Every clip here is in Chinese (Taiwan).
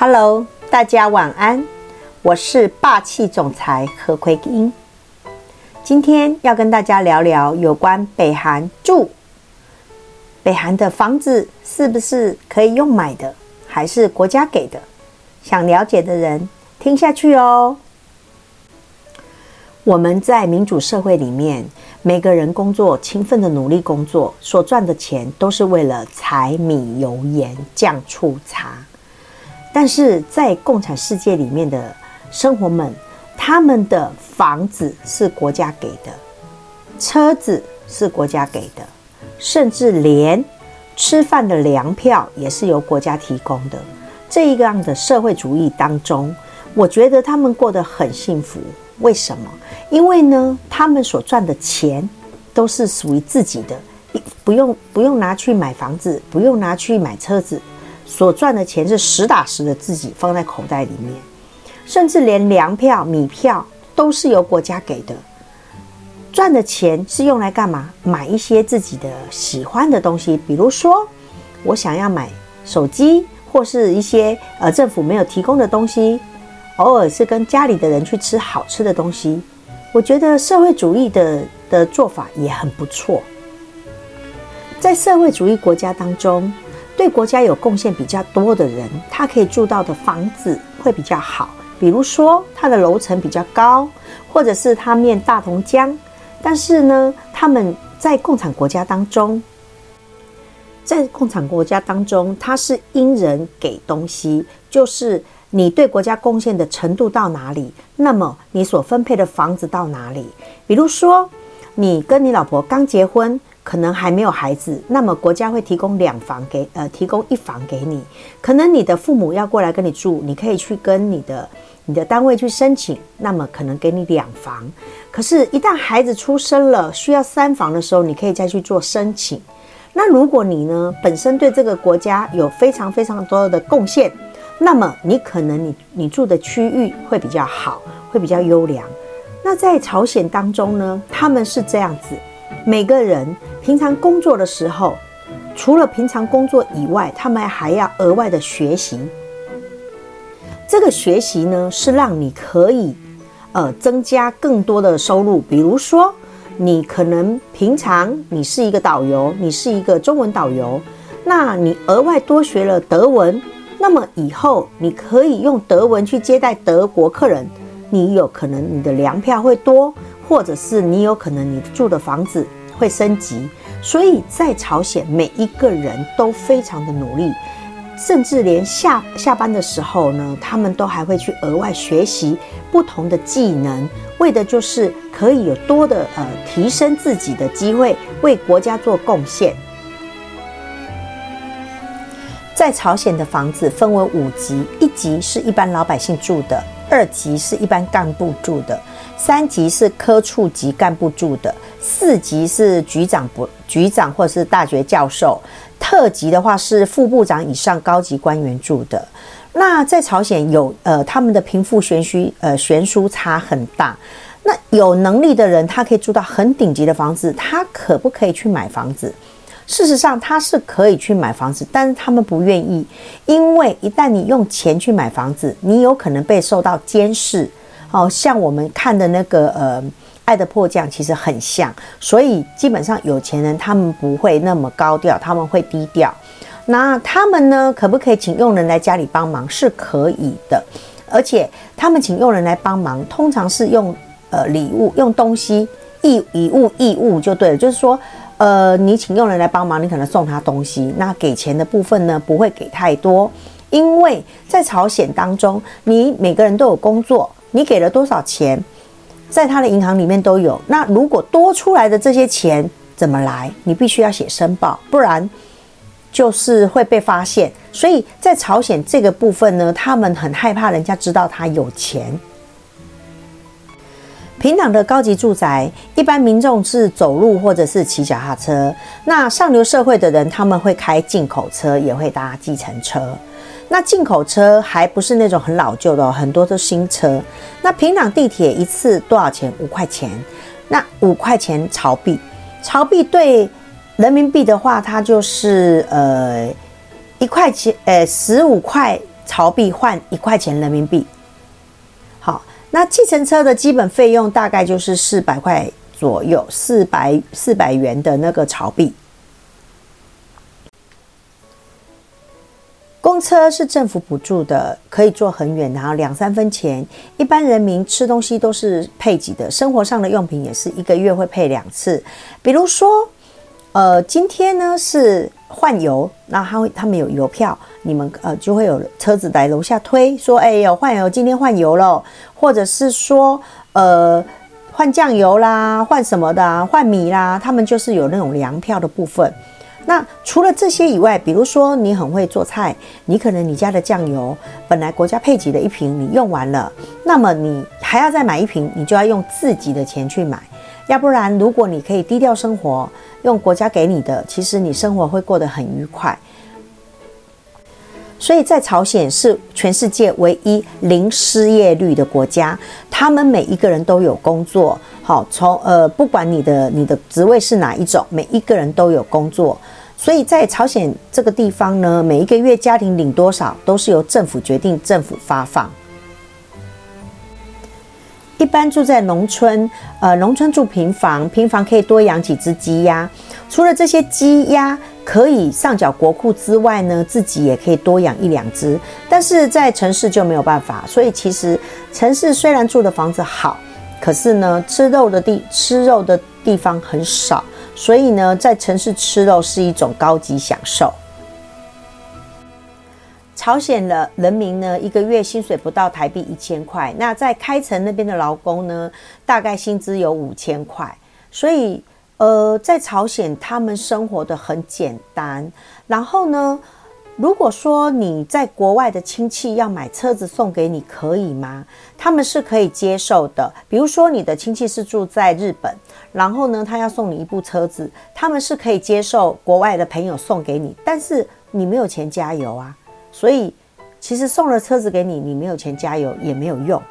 Hello，大家晚安，我是霸氣總裁何奎英。今天要跟大家聊聊有關北韓住，北韓的房子是不是可以用買的，還是國家給的？想了解的人聽下去哦。我們在民主社會裡面，每個人工作，勤奮的努力工作，所賺的錢都是為了柴米油鹽醬醋茶。但是在共產世界裡面的生活們，他們的房子是國家給的，車子是國家給的，甚至連吃飯的糧票也是由國家提供的。這一個樣的社會主義當中，我覺得他們過得很幸福。為什麼？因為呢，他們所賺的錢都是屬於自己的，不用不用拿去買房子，不用拿去買車子。所賺的錢是實打實的，自己放在口袋裡面，甚至連糧票、米票都是由國家給的。賺的錢是用來幹嘛？買一些自己的喜歡的東西，比如說我想要買手機，或是一些呃政府沒有提供的東西。偶爾是跟家裡的人去吃好吃的東西。我覺得社會主義的的做法也很不錯，在社會主義國家當中。對國家有貢獻比較多的人，他可以住到的房子會比較好。比如說，他的樓層比較高，或者是他面大同江。但是呢，他們在共產國家當中，在共產國家當中，他是因人給東西，就是你對國家貢獻的程度到哪裡，那麼你所分配的房子到哪裡。比如說，你跟你老婆剛結婚。可能還沒有孩子，那麼國家會提供兩房給，呃，提供一房給你。可能你的父母要過來跟你住，你可以去跟你的你的單位去申請，那麼可能給你兩房。可是，一旦孩子出生了，需要三房的時候，你可以再去做申請。那如果你呢，本身對這個國家有非常非常多的貢獻，那麼你可能你你住的區域會比較好，會比較優良。那在朝鮮當中呢，他們是這樣子。每個人平常工作的時候，除了平常工作以外，他們還要額外的學習。這個學習呢，是讓你可以，呃，增加更多的收入。比如說，你可能平常你是一個導遊，你是一個中文導遊，那你額外多學了德文，那麼以後你可以用德文去接待德國客人，你有可能你的糧票會多。或者是你有可能你住的房子會升級，所以在朝鮮每一個人都非常的努力，甚至連下下班的時候呢，他們都還會去額外學習不同的技能，為的就是可以有多的呃提升自己的機會，為國家做貢獻。在朝鮮的房子分為五級，一級是一般老百姓住的，二級是一般幹部住的，三級是科處級幹部住的，四級是局長局長或者是大學教授，特級的話是副部長以上高級官員住的。那在朝鮮有呃他們的貧富懸殊，呃懸殊差很大。那有能力的人，他可以住到很頂級的房子，他可不可以去買房子？事實上，他是可以去買房子，但是他們不願意，因為一旦你用錢去買房子，你有可能被受到監視。哦，像我們看的那個呃《愛的迫降》，其實很像。所以基本上有錢人他們不會那麼高調，他們會低調。那他們呢？可不可以請傭人來家裡幫忙？是可以的。而且他們請傭人來幫忙，通常是用呃禮物、用東西，以物易物就對了。就是說。呃，你請傭人來幫忙，你可能送他東西，那給錢的部分呢，不會給太多，因為在朝鮮當中，你每個人都有工作，你給了多少錢，在他的銀行裡面都有。那如果多出來的這些錢怎麼來？你必須要寫申報，不然就是會被發現。所以在朝鮮這個部分呢，他們很害怕人家知道他有錢。平壤的高級住宅，一般民眾是走路或者是騎腳踏車。那上流社會的人，他們會開進口車，也會搭計程車。那進口車還不是那種很老舊的，很多都是新車。那平壤地鐵一次多少錢？五塊錢。那五塊錢朝幣，朝幣對人民幣的話，它就是呃一塊錢，呃十五塊朝幣換一塊錢人民幣。那計程車的基本費用大概就是四百塊左右，四百四百元的那個朝幣。公車是政府補助的，可以坐很遠，然後兩三分錢。一般人民吃東西都是配給的，生活上的用品也是一個月會配兩次。比如說，呃，今天呢是。換油，那他會他們有油票，你們呃就會有車子在樓下推，說哎呦，換油，今天換油了，或者是說呃換醬油啦，換什麼的，換米啦，他們就是有那種糧票的部分。那除了這些以外，比如說你很會做菜，你可能你家的醬油本來國家配給的一瓶你用完了，那麼你還要再買一瓶，你就要用自己的錢去買。要不然，如果你可以低調生活，用國家給你的，其實你生活會過得很愉快。所以在朝鮮是全世界唯一零失業率的國家，他們每一個人都有工作。好，從呃，不管你的你的職位是哪一種，每一個人都有工作。所以在朝鮮這個地方呢，每一個月家庭領多少都是由政府決定，政府發放。一般住在農村，呃，農村住平房，平房可以多養幾隻雞鴨，除了這些雞鴨。可以上繳國庫之外呢，自己也可以多養一兩隻，但是在城市就沒有辦法。所以其實城市雖然住的房子好，可是呢，吃肉的地、吃肉的地方很少，所以呢在城市吃肉是一種高級享受。朝鮮的人民呢一個月薪水不到台幣一千塊，那在開城那邊的勞工呢大概薪資有五千塊，所以。呃，在朝鮮，他們生活得很簡單。然後呢，如果說你在國外的親戚要買車子送給你，可以嗎？他們是可以接受的。比如說，你的親戚是住在日本，然後呢，他要送你一部車子，他們是可以接受國外的朋友送給你，但是你沒有錢加油啊，所以其實送了車子給你，你沒有錢加油也沒有用。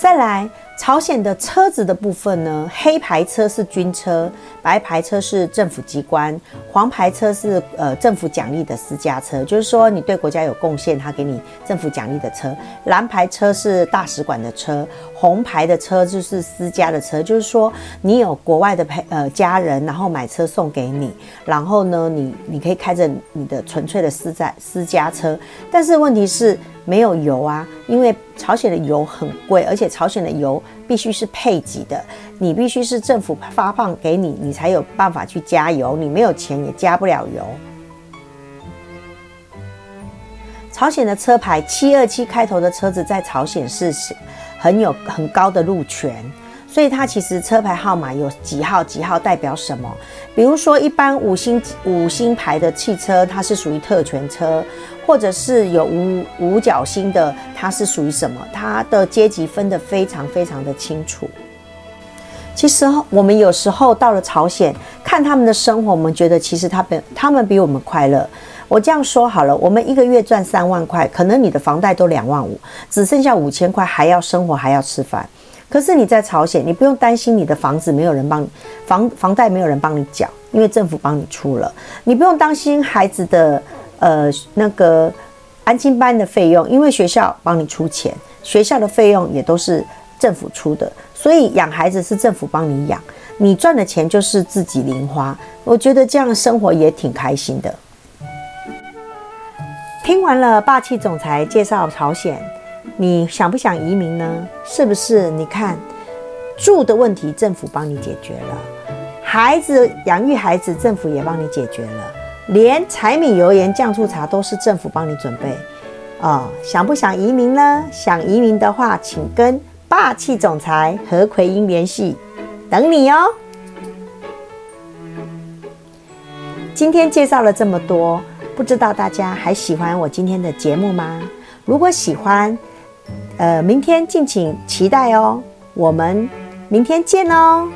再來。朝鮮的車子的部分呢，黑牌車是軍車，白牌車是政府機關，黃牌車是呃政府獎勵的私家車，就是說你對國家有貢獻，他給你政府獎勵的車。藍牌車是大使館的車，紅牌的車就是私家的車，就是說你有國外的呃家人，然後買車送給你，然後呢你你可以開着你的純粹的私私家車，但是問題是沒有油啊，因為朝鮮的油很貴，而且朝鮮的油。必須是配給的，你必須是政府發放給你，你才有辦法去加油。你沒有錢也加不了油。朝鮮的車牌七二七開頭的車子在朝鮮是很有很高的路權。所以它其實車牌號碼有幾號幾號代表什麼？比如說，一般五星五星牌的汽車，它是屬於特權車，或者是有五五角星的，它是屬於什麼？它的階級分得非常非常的清楚。其實我們有時候到了朝鮮看他們的生活，我們覺得其實他們他們比我們快樂。我這樣說好了，我們一個月賺三萬塊，可能你的房貸都兩萬五，只剩下五千塊，還要生活還要吃飯。可是你在朝鮮，你不用擔心你的房子沒有人幫你，房房貸沒有人幫你繳，因為政府幫你出了。你不用擔心孩子的，呃，那個安親班的費用，因為學校幫你出錢，學校的費用也都是政府出的。所以養孩子是政府幫你養，你賺的錢就是自己零花。我覺得這樣生活也挺開心的。聽完了霸氣總裁介紹朝鮮。你想不想移民呢？是不是？你看住的問題，政府幫你解決了；孩子養育孩子，政府也幫你解決了；連柴米油鹽醬醋茶都是政府幫你準備。哦，想不想移民呢？想移民的話，請跟霸氣總裁何奎英聯繫，等你哦。今天介紹了這麼多，不知道大家還喜歡我今天的節目嗎？如果喜歡，呃，明天敬請期待哦，我們明天見哦。